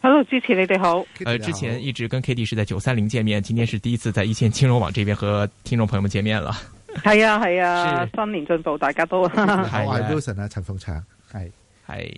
Hello，支持你哋好。誒 Katie,、呃，之前一直跟 Kitty 是在九三零見面，今天是第一次在一線金融網這邊和聽眾朋友們見面了，係啊係啊，是啊新年進步、啊， 大家都。我係 Wilson 啊，陳鳳祥，係係。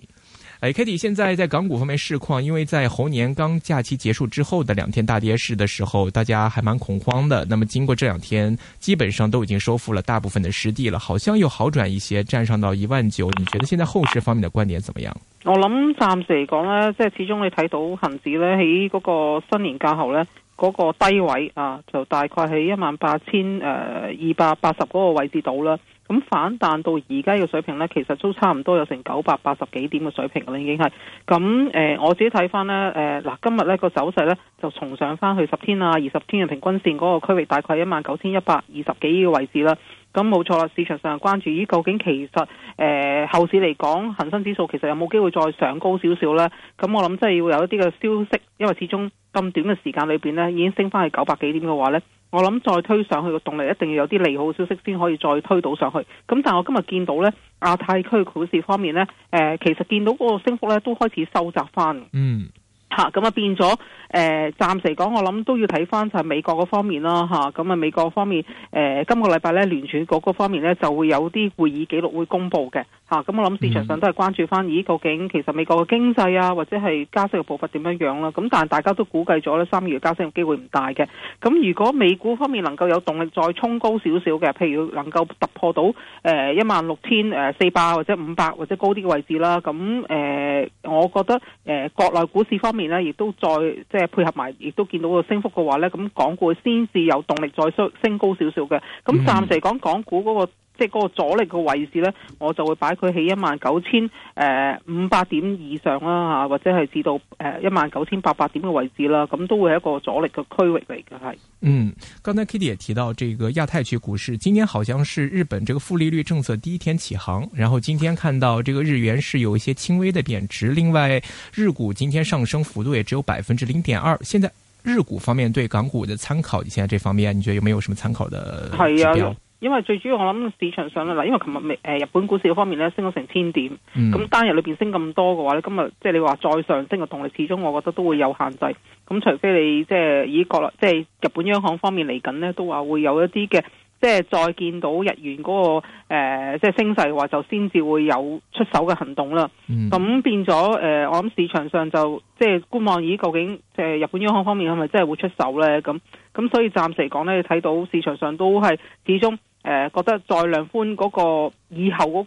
誒、hey，Kitty，現在在港股方面市況，因為在猴年剛假期結束之後的兩天大跌市的時候，大家還蠻恐慌的。那麼經過這兩天，基本上都已經收復了大部分的失地了，好像又好轉一些，站上到一萬九。你覺得現在後市方面的觀點怎麼樣？我諗暫時嚟講呢，即係始終你睇到恒指呢喺嗰個新年假後呢，嗰個低位啊，就大概喺一萬八千誒二百八十嗰個位置度啦。咁反彈到而家嘅水平呢，其實都差唔多有成九百八十幾點嘅水平啦，已經係咁、呃、我自己睇翻呢。嗱、呃，今日呢、這個走勢呢，就重上翻去十天啊、二十天嘅平均線嗰個區域，大概一萬九千一百二十幾嘅位置啦。咁冇錯啦，市場上關注依究竟其實誒、呃、後市嚟講，恒生指數其實有冇機會再上高少少呢？咁我諗真係要有一啲嘅消息，因為始終咁短嘅時間裏面呢，已經升翻去九百幾點嘅話呢。我諗再推上去嘅動力一定要有啲利好消息先可以再推到上去。咁但係我今日見到呢，亞太區股市方面呢，誒，其實見到個升幅呢都開始收窄翻。嗯。嚇咁啊變咗誒、呃，暫時嚟講，我諗都要睇翻就係美國嗰方面啦嚇。咁啊，啊美國方面誒、呃，今個禮拜咧聯儲局嗰方面咧就會有啲會議記錄會公布嘅嚇。咁、啊啊、我諗市場上都係關注翻，咦究竟其實美國嘅經濟啊，或者係加息嘅步伐點樣樣啦、啊。咁但係大家都估計咗咧，三月加息嘅機會唔大嘅。咁、啊、如果美股方面能夠有動力再衝高少少嘅，譬如能夠突破到誒一萬六千誒四百或者五百或者高啲嘅位置啦，咁、啊、誒我覺得誒、呃、國內股市方面，亦都再即係配合埋，亦都見到個升幅嘅話咧，咁港股先至有動力再升升高少少嘅。咁暫時嚟講，港股嗰個。即係嗰個阻力個位置呢，我就會擺佢喺一萬九千誒五百點以上啦吓，或者係至到誒一萬九千八百點嘅位置啦，咁都會係一個阻力嘅區域嚟嘅係。嗯，剛才 Kitty 也提到，這個亞太區股市今天好像是日本這個負利率政策第一天起航，然後今天看到這個日元是有一些輕微的貶值，另外日股今天上升幅度也只有百分之零點二。現在日股方面對港股嘅參考，現在這方面你覺得有冇有什麼參考的指標？係啊。因為最主要我諗市場上嗱，因為琴日日本股市方面咧升咗成千點，咁、嗯、單日裏面升咁多嘅話咧，今日即係你話再上升嘅動力，始終我覺得都會有限制。咁除非你即係以國內即係日本央行方面嚟緊咧，都話會有一啲嘅，即係再見到日元嗰、那個、呃、即係升勢嘅話就先至會有出手嘅行動啦。咁、嗯、變咗誒、呃，我諗市場上就即係觀望咦，究竟誒日本央行方面係咪真係會出手咧？咁咁所以暫時嚟講咧，你睇到市場上都係始終。誒，覺得再量寬嗰個以後嗰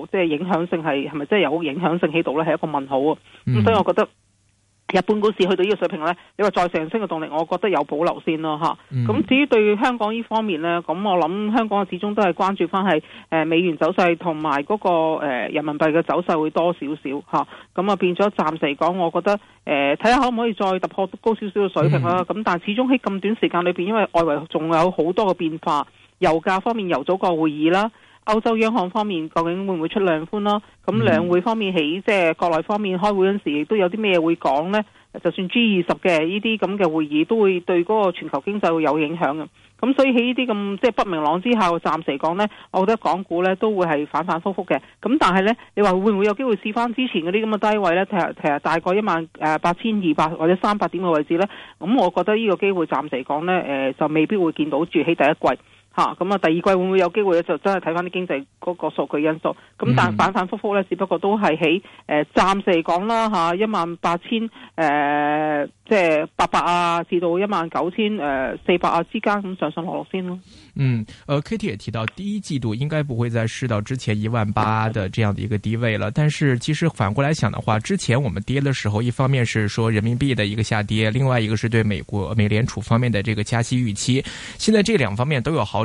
個即係影響性係係咪真係有影響性喺度呢？係一個問號啊！咁、嗯、所以我覺得，日本股市去到呢個水平呢，你話再上升嘅動力，我覺得有保留先咯、啊、吓、嗯。咁至於對於香港呢方面呢，咁我諗香港始終都係關注翻係誒美元走勢同埋嗰個誒人民幣嘅走勢會多少少吓。咁啊變咗暫時嚟講，我覺得誒睇下可唔可以再突破高少少嘅水平啦、啊。咁、嗯、但係始終喺咁短時間裏邊，因為外圍仲有好多嘅變化。油價方面，油組個會議啦；歐洲央行方面，究竟會唔會出量寬啦？咁兩會方面，起，即係國內方面開會嗰陣時，亦都有啲咩會講呢？就算 G 二十嘅呢啲咁嘅會議，都會對嗰個全球經濟會有影響嘅。咁所以喺呢啲咁即係不明朗之下，暫時講呢，我覺得港股呢都會係反反复复嘅。咁但係呢，你話會唔會有機會試翻之前嗰啲咁嘅低位呢？其實大概一萬誒八千二百或者三百點嘅位置呢。咁我覺得個機呢個機會暫時講呢，誒就未必會見到住喺第一季。嚇，咁啊第二季會唔會有機會咧？就真係睇翻啲經濟嗰個數據因素。咁但反反覆覆咧，只不過都係喺誒暫時嚟講啦嚇，一萬八千誒，即係八百啊，至到一萬九千誒四百啊之間咁、嗯、上上落落先咯。嗯、呃，Kitty 也提到，第一季度應該不會再試到之前一萬八的這樣的一個低位了。但是其實反過來想的話，之前我們跌的時候，一方面是說人民幣嘅一個下跌，另外一個是對美國、美聯儲方面的這個加息預期。現在這兩方面都有好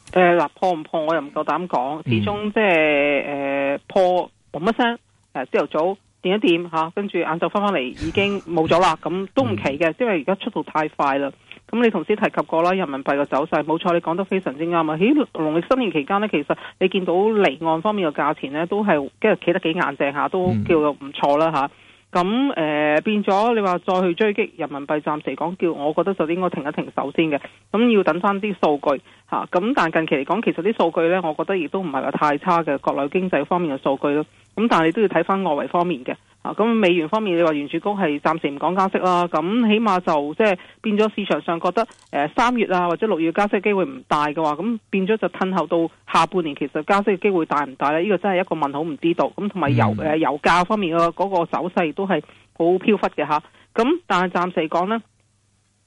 誒，嗱、呃、破唔破，我又唔夠膽講，始終即係誒破嘣一聲。誒、呃，朝頭早掂一掂吓，跟住晏晝翻翻嚟，已經冇咗啦，咁都唔奇嘅，因為而家速度太快啦。咁你頭先提及過啦，人民幣嘅走勢冇錯，你講得非常之啱啊！喺農曆新年期間呢，其實你見到離岸方面嘅價錢呢，都係跟住企得幾硬淨下，都叫做唔錯啦吓。啊咁誒、呃、變咗，你話再去追擊人民幣，暫時講叫，我覺得就應該停一停手先嘅。咁要等翻啲數據吓、啊、咁但近期嚟講，其實啲數據呢，我覺得亦都唔係話太差嘅國內經濟方面嘅數據咯。咁但係你都要睇翻外圍方面嘅，啊，咁、嗯、美元方面你話原住高係暫時唔講加息啦，咁、嗯、起碼就即係、就是、變咗市場上覺得誒三、呃、月啊或者六月加息嘅機會唔大嘅話，咁、嗯、變咗就褪後到下半年其實加息嘅機會大唔大呢？呢、這個真係一個問號，唔知道。咁同埋油誒、呃、油價方面嘅嗰個走勢都係好飄忽嘅吓，咁、啊嗯、但係暫時嚟講呢。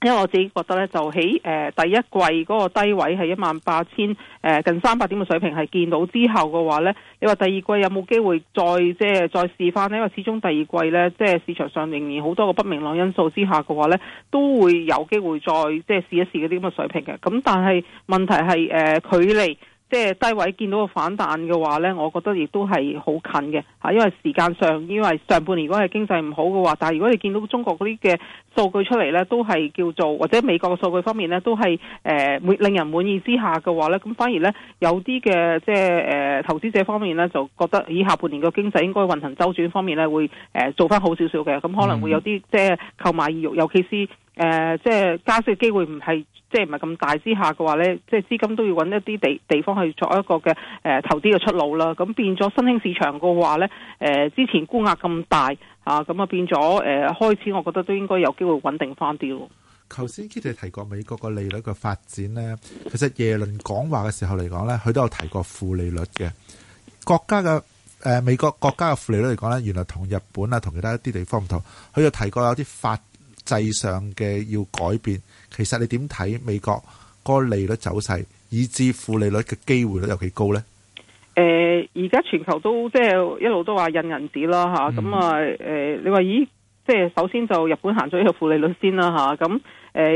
因為我自己覺得咧，就喺誒第一季嗰個低位係一萬八千誒近三百點嘅水平係見到之後嘅話咧，你話第二季有冇機會再即係再試翻呢？因為始終第二季咧，即係市場上仍然好多個不明朗因素之下嘅話咧，都會有機會再即係試一試嗰啲咁嘅水平嘅。咁但係問題係誒、呃、距離。即係低位見到個反彈嘅話呢，我覺得亦都係好近嘅嚇，因為時間上，因為上半年如果係經濟唔好嘅話，但係如果你見到中國嗰啲嘅數據出嚟呢，都係叫做或者美國嘅數據方面呢，都係誒、呃、令人滿意之下嘅話呢。咁反而呢，有啲嘅即係誒投資者方面呢，就覺得以下半年嘅經濟應該運行周轉方面呢，會誒、呃、做翻好少少嘅，咁可能會有啲、嗯、即係購買意欲，尤其是。誒、呃，即係加息嘅機會唔係，即係唔係咁大之下嘅話咧，即係資金都要揾一啲地地方去作一個嘅誒、呃、投資嘅出路啦。咁變咗新興市場嘅話咧，誒、呃、之前沽額咁大啊，咁啊變咗誒、呃、開始，我覺得都應該有機會穩定翻啲咯。頭先 Kitty 提過美國個利率嘅發展咧，其實耶倫講話嘅時候嚟講咧，佢都有提過負利率嘅國家嘅誒、呃、美國國家嘅負利率嚟講咧，原來同日本啊同其他一啲地方唔同，佢就提過有啲發制上嘅要改變，其實你點睇美國個利率走勢，以致負利率嘅機會率有幾高咧？誒、呃，而家全球都即係一路都話印銀紙啦嚇，咁啊誒，你話咦，即係首先就日本行咗呢個負利率先啦嚇，咁、啊、誒、呃，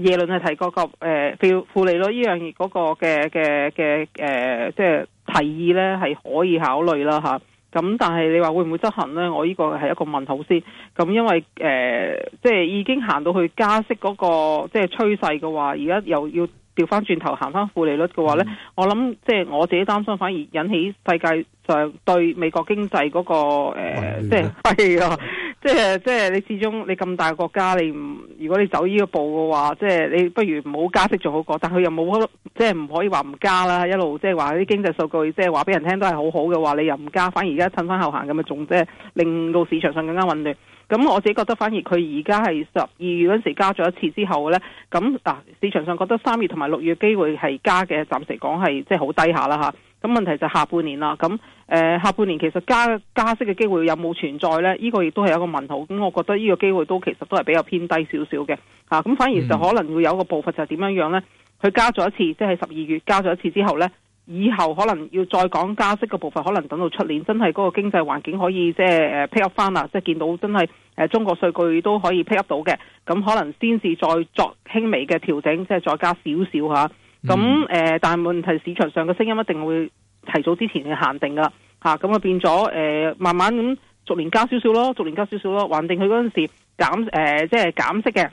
耶倫係提嗰、那個誒負、呃、利率呢樣嘢嗰個嘅嘅嘅誒，即係提議咧，係可以考慮啦嚇。啊咁但係你話會唔會執行呢？我呢個係一個問號先。咁因為、呃、即係已經行到去加息嗰個即係趨勢嘅話，而家又要調返轉頭行返負利率嘅話呢，嗯、我諗即係我自己擔心，反而引起世界上對美國經濟嗰個、呃、的即係係咯。即係即係你始終你咁大個國家你唔，如果你走呢個步嘅話，即係你不如唔好加息仲好過，但佢又冇即係唔可以話唔加啦，一路即係話啲經濟數據即係話俾人聽都係好好嘅話，你又唔加，反而而家趁翻後行咁咪仲即係令到市場上更加混亂。咁我自己覺得反而佢而家係十二月嗰時加咗一次之後呢。咁嗱、啊、市場上覺得三月同埋六月機會係加嘅，暫時講係即係好低下啦吓。咁問題就下半年啦，咁誒、呃、下半年其實加加息嘅機會有冇存在呢？呢、呢個亦都係一個問號。咁我覺得呢個機會都其實都係比較偏低少少嘅嚇。咁、啊、反而就可能會有一個部分就係點樣樣呢？佢加咗一次，即係十二月加咗一次之後呢，以後可能要再講加息嘅部分，可能等到出年真係嗰個經濟環境可以即係誒 pick up 翻啦，即係、呃、見到真係誒、呃、中國數據都可以 pick up 到嘅，咁可能先至再作輕微嘅調整，即係再加少少嚇。咁誒，嗯、但係問題，市場上嘅聲音一定會提早之前嘅限定噶嚇，咁啊變咗、呃、慢慢咁逐年加少少咯，逐年加少少咯，還定佢嗰陣時減即係、呃即係、減息嘅。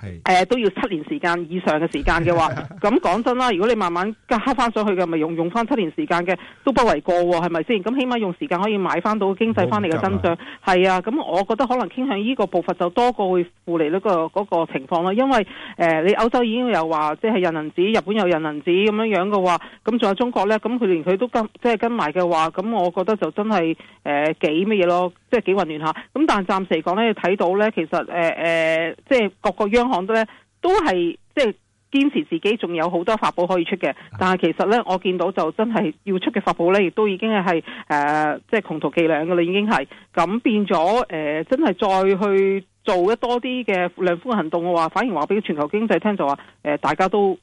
誒是、呃，都要七年時間以上嘅時間嘅話，咁講 真啦，如果你慢慢加翻上去嘅，咪用用翻七年時間嘅，都不為過，哦，係咪先？咁起碼用時間可以買翻到經濟翻嚟嘅增長，係啊。咁我覺得可能傾向呢個步伐就多過會負利率呢個嗰、那個情況啦，因為誒、呃，你歐洲已經有話即係印銀紙，日本有印銀紙咁樣樣嘅話，咁仲有中國咧，咁佢連佢都跟即係跟埋嘅話，咁我覺得就真係誒、呃、幾乜嘢咯。即係幾混亂下，咁但係暫時嚟講咧，睇到咧其實誒誒，即係各個央行都咧都係即係堅持自己仲有好多法寶可以出嘅，的但係其實咧我見到就真係要出嘅法寶咧，亦都已經係誒即係窮途伎倆㗎喇，已經係咁變咗誒，真係再去做多一多啲嘅量寬行動嘅話，反而話俾全球經濟聽就話誒，大家都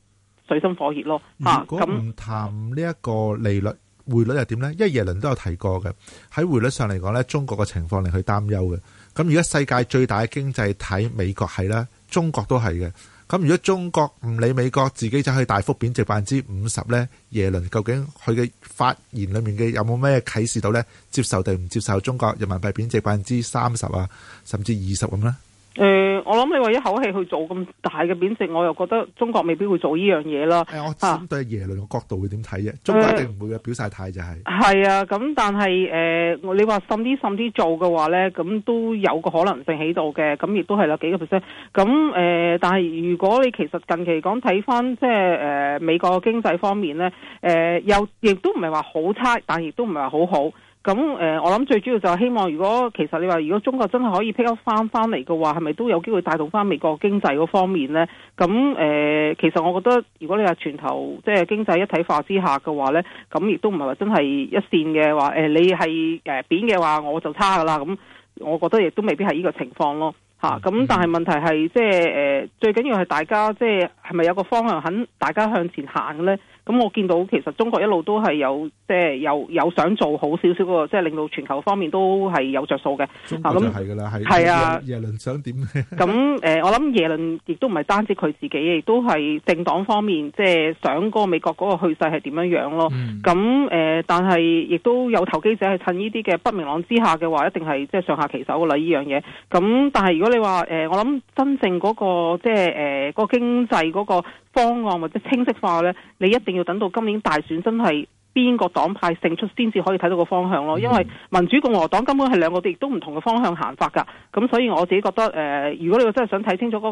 水深火熱咯嚇咁。唔談呢一個利率。啊匯率又點呢？因為耶倫都有提過嘅，喺匯率上嚟講呢，中國嘅情況令佢擔憂嘅。咁如果世界最大嘅經濟體美國係啦，中國都係嘅。咁如果中國唔理美國，自己就可以大幅貶值百分之五十呢？耶倫究竟佢嘅發言裡面嘅有冇咩啟示到呢？接受定唔接受中國人民幣貶值百分之三十啊，甚至二十咁呢？誒、呃，我諗你話一口氣去做咁大嘅貶值，我又覺得中國未必會做呢樣嘢啦。誒、哎，我針對耶倫嘅角度會點睇嘅？中國一定唔會嘅、就是，表曬態就係。係啊，咁但係誒、呃，你甚至甚至話甚啲甚啲做嘅話咧，咁都有個可能性喺度嘅，咁亦都係啦幾個 percent。咁誒、呃，但係如果你其實近期講睇返，即係誒美國經濟方面咧，誒又亦都唔係話好差，但係亦都唔係話好好。咁誒、呃，我諗最主要就係希望，如果其實你話，如果中國真係可以 pick up 翻返嚟嘅話，係咪都有機會帶動翻美國經濟嗰方面呢？咁誒、呃，其實我覺得，如果你話全球即係、就是、經濟一體化之下嘅話呢，咁亦都唔係話真係一線嘅話、呃，你係扁嘅話，我就差噶啦。咁我覺得亦都未必係呢個情況咯。嚇，咁但係問題係即係誒，最緊要係大家即係係咪有個方向肯大家向前行呢？咁我見到其實中國一路都係有即係、就是、有有，有想做好少少個，即係令到全球方面都係有着數嘅。中國就係想是啊。耶倫想點？咁、呃、我諗耶倫亦都唔係單止佢自己，亦都係政黨方面，即、就、係、是、想嗰個美國嗰個去勢係點樣樣咯。咁、嗯呃、但係亦都有投機者係趁呢啲嘅不明朗之下嘅話，一定係即係上下其手㗎啦。呢樣嘢。咁但係如果你話、呃、我諗真正嗰、那個即係誒個經濟嗰、那個。方案或者清晰化呢，你一定要等到今年大選真係邊個黨派勝出，先至可以睇到個方向咯。因為民主共和黨根本係兩個亦都唔同嘅方向行法噶。咁所以我自己覺得，誒、呃，如果你真係想睇清楚嗰、那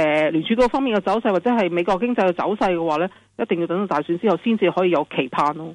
個誒聯儲局方面嘅走勢，或者係美國經濟嘅走勢嘅話呢，一定要等到大選之後，先至可以有期盼咯。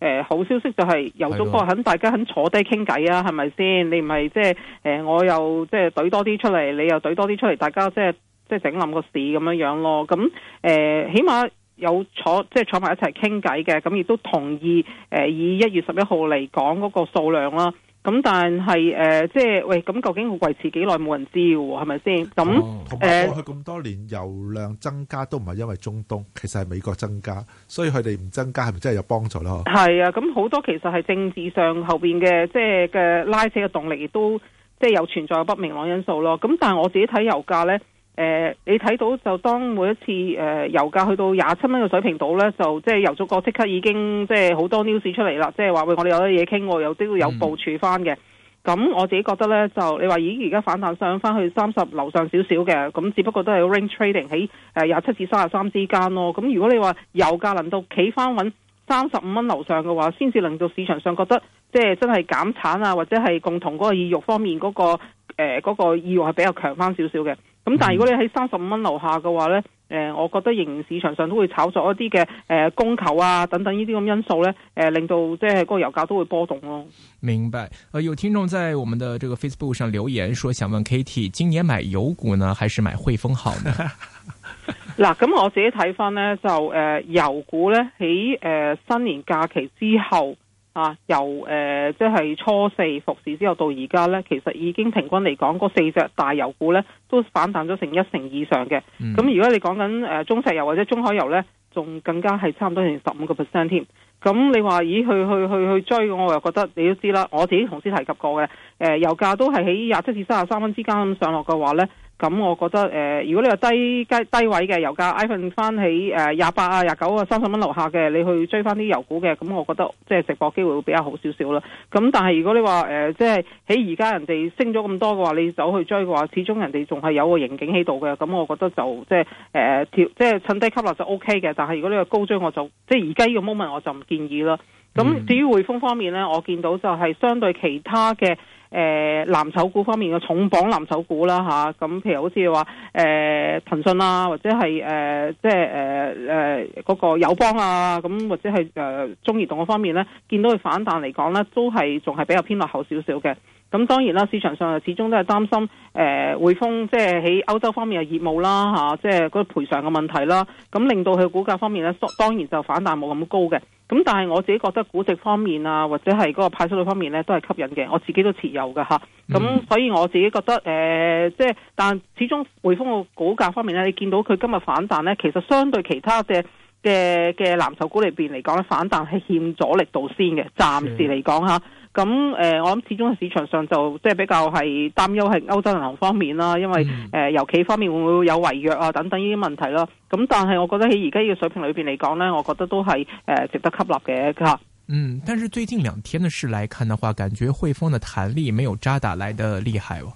誒好消息就係由中國肯大家肯坐低傾偈啊，係咪先？你唔係即係誒，我又即係對多啲出嚟，你又對多啲出嚟，大家即係即係整冧個市咁樣樣咯。咁、呃、誒，起碼有坐即係坐埋一齊傾偈嘅，咁亦都同意誒、呃、以一月十一號嚟講嗰個數量啦、啊。咁但係誒，即係喂，咁究竟維持幾耐冇人知喎，係咪先？咁誒，佢咁、哦、多年、欸、油量增加都唔係因為中東，其實係美國增加，所以佢哋唔增加係咪真係有幫助咧？係係啊，咁、嗯、好多其實係政治上後邊嘅即係嘅拉扯嘅動力都，亦都即係有存在嘅不明朗因素咯。咁但係我自己睇油價咧。誒、呃，你睇到就當每一次誒、呃、油價去到廿七蚊嘅水平度呢，就即係油咗個即刻已經即係好多 news 出嚟啦，即係話喂，我哋有啲嘢傾，又都會有部署翻嘅。咁、嗯、我自己覺得呢，就你話已經而家反彈上翻去三十樓上少少嘅，咁只不過都係 range trading 喺廿七至三十三之間咯。咁如果你話油價能到企翻穩三十五蚊樓上嘅話，先至令到市場上覺得即係真係減產啊，或者係共同嗰個意欲方面嗰、嗰個嗰、呃嗰個、意欲係比較強翻少少嘅。咁、嗯、但係如果你喺三十五蚊樓下嘅話咧，誒、呃，我覺得仍然市場上都會炒作一啲嘅誒供求啊等等呢啲咁因素咧，誒、呃，令到即係個油價都會波動咯。明白。誒，有聽眾在我們的這個 Facebook 上留言說，想問 Kitty 今年買油股呢，還是買匯豐好呢？嗱， 咁、嗯、我自己睇翻咧，就誒、呃、油股咧喺誒新年假期之後。啊，由誒、呃、即係初四復市之後到而家咧，其實已經平均嚟講，嗰四隻大油股咧都反彈咗成一成以上嘅。咁、嗯、如果你講緊誒中石油或者中海油咧，仲更加係差唔多成十五個 percent 添。咁、嗯、你話咦去去去去追，我又覺得你都知啦。我自己同事提及過嘅，誒、呃、油價都係喺廿七至三十三蚊之間上落嘅話咧。咁我覺得誒、呃，如果你話低低低位嘅油價，iPhone 翻起誒廿八啊、廿九啊、三十蚊樓下嘅，你去追翻啲油股嘅，咁我覺得即係直播機會會比較好少少啦。咁但係如果你話、呃、即係喺而家人哋升咗咁多嘅話，你走去追嘅話，始終人哋仲係有個刑警喺度嘅，咁我覺得就即係誒即趁低吸落就 O K 嘅。但係如果你話高追，我就即係而家呢個 moment 我就唔建議啦。咁至於匯豐方面呢，我見到就係相對其他嘅。誒、呃、藍籌股方面嘅重磅藍籌股啦吓，咁、啊、譬如好似話誒騰訊啦、啊，或者係誒即係誒誒嗰個友邦啊，咁或者係誒、呃、中移動嘅方面咧，見到佢反彈嚟講咧，都係仲係比較偏落後少少嘅。咁當然啦，市場上始終都係擔心誒、呃、匯豐即係喺歐洲方面嘅業務啦吓，即係嗰個賠償嘅問題啦，咁令到佢股價方面咧，當然就反彈冇咁高嘅。咁但係我自己覺得估值方面啊，或者係嗰個派息率方面呢，都係吸引嘅。我自己都持有嘅。咁、嗯嗯、所以我自己覺得，誒、呃，即係但係始終匯豐個股價方面呢，你見到佢今日反彈呢，其實相對其他嘅嘅嘅藍籌股裏邊嚟講呢，反彈係欠咗力度先嘅，暫時嚟講咁誒，我諗始終，喺市場上就即係比較係擔憂係歐洲銀行方面啦，因為誒尤其方面會唔會有違約啊等等呢啲問題啦。咁但係我覺得喺而家呢個水平裏邊嚟講咧，我覺得都係誒值得吸納嘅。嗯，但是最近兩天嘅事嚟看嘅話，感覺匯豐嘅彈力沒有渣打來得厲害喎，哦。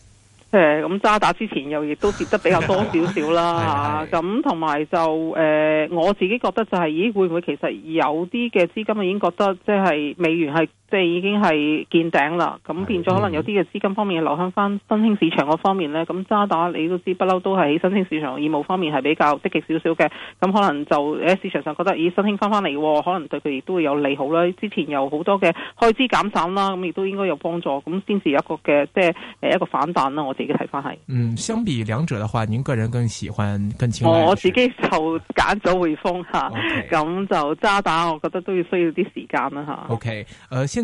誒、嗯，咁渣打之前又亦都跌得比較多少少啦吓，咁同埋就誒、呃、我自己覺得就係、是、咦會唔會其實有啲嘅資金已經覺得即係美元係。即已經係見頂啦，咁變咗可能有啲嘅資金方面流向翻新興市場嗰方面咧，咁渣打你都知不嬲都係喺新興市場業務方面係比較積極少少嘅，咁可能就喺市場上覺得，咦、哎、新興翻翻嚟，可能對佢亦都會有利好啦。之前有好多嘅開支減省啦，咁亦都應該有幫助，咁先至有一個嘅即係誒一個反彈啦。我自己睇翻係。嗯，相比兩者嘅話，您個人更喜歡、更青睞、哦。我自己就揀咗匯豐嚇，咁是、啊、就渣打，我覺得都要需要啲時間啦嚇。O K，誒先。Okay.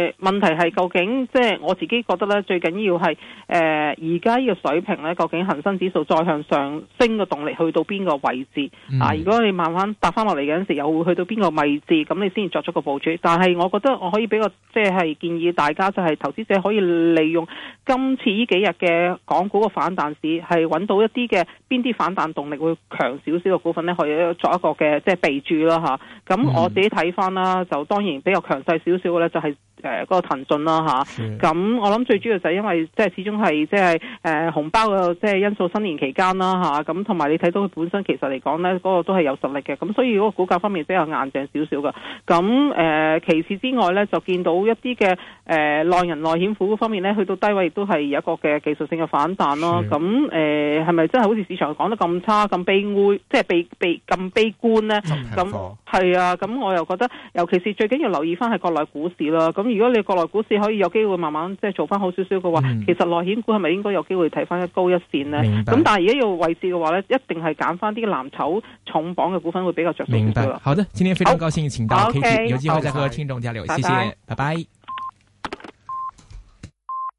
問題係究竟即係我自己覺得咧，最緊要係誒而家呢個水平咧，究竟恒生指數再向上升嘅動力去到邊個位置啊？嗯、如果你慢慢搭翻落嚟嗰陣時又會去到邊個位置，咁你先至作出個部署。但係我覺得我可以比較即係、就係、建議大家就係、係、投資者可以利用今次呢幾日嘅港股嘅反彈市，係揾到一啲嘅邊啲反彈動力會強少少嘅股份咧，可以作一個嘅即係備注啦嚇。咁我自己睇翻啦，嗯、就當然比較強勢少少嘅咧，就係誒。個騰訊啦吓。咁、啊、的我諗最主要就係因為即係始終係即係誒紅包嘅即係因素，新年期間啦吓，咁同埋你睇到佢本身其實嚟講呢，嗰、那個都係有實力嘅，咁所以嗰個股價方面比較硬淨少少嘅。咁誒、呃，其次之外呢，就見到一啲嘅誒內人內險股方面呢，去到低位亦都係有一個嘅技術性嘅反彈咯。咁誒係咪真係好似市場講得咁差咁悲哀，即、就、係、是、被被咁悲觀呢？咁係啊，咁那的我又覺得，尤其是最緊要留意翻係國內股市啦。咁如果你國內股市可以有機會慢慢即係做翻好少少嘅話，嗯、其實內險股係咪應該有機會睇翻一高一線呢？咁明白，但係而家要位置嘅話咧，一定係揀翻啲藍籌重磅嘅股份會比較着數啲咯。明白，好的，今天非常高興、oh, 請到 Kitty，okay, 有機會再和 okay, 聽眾交流，bye bye 謝謝，拜拜。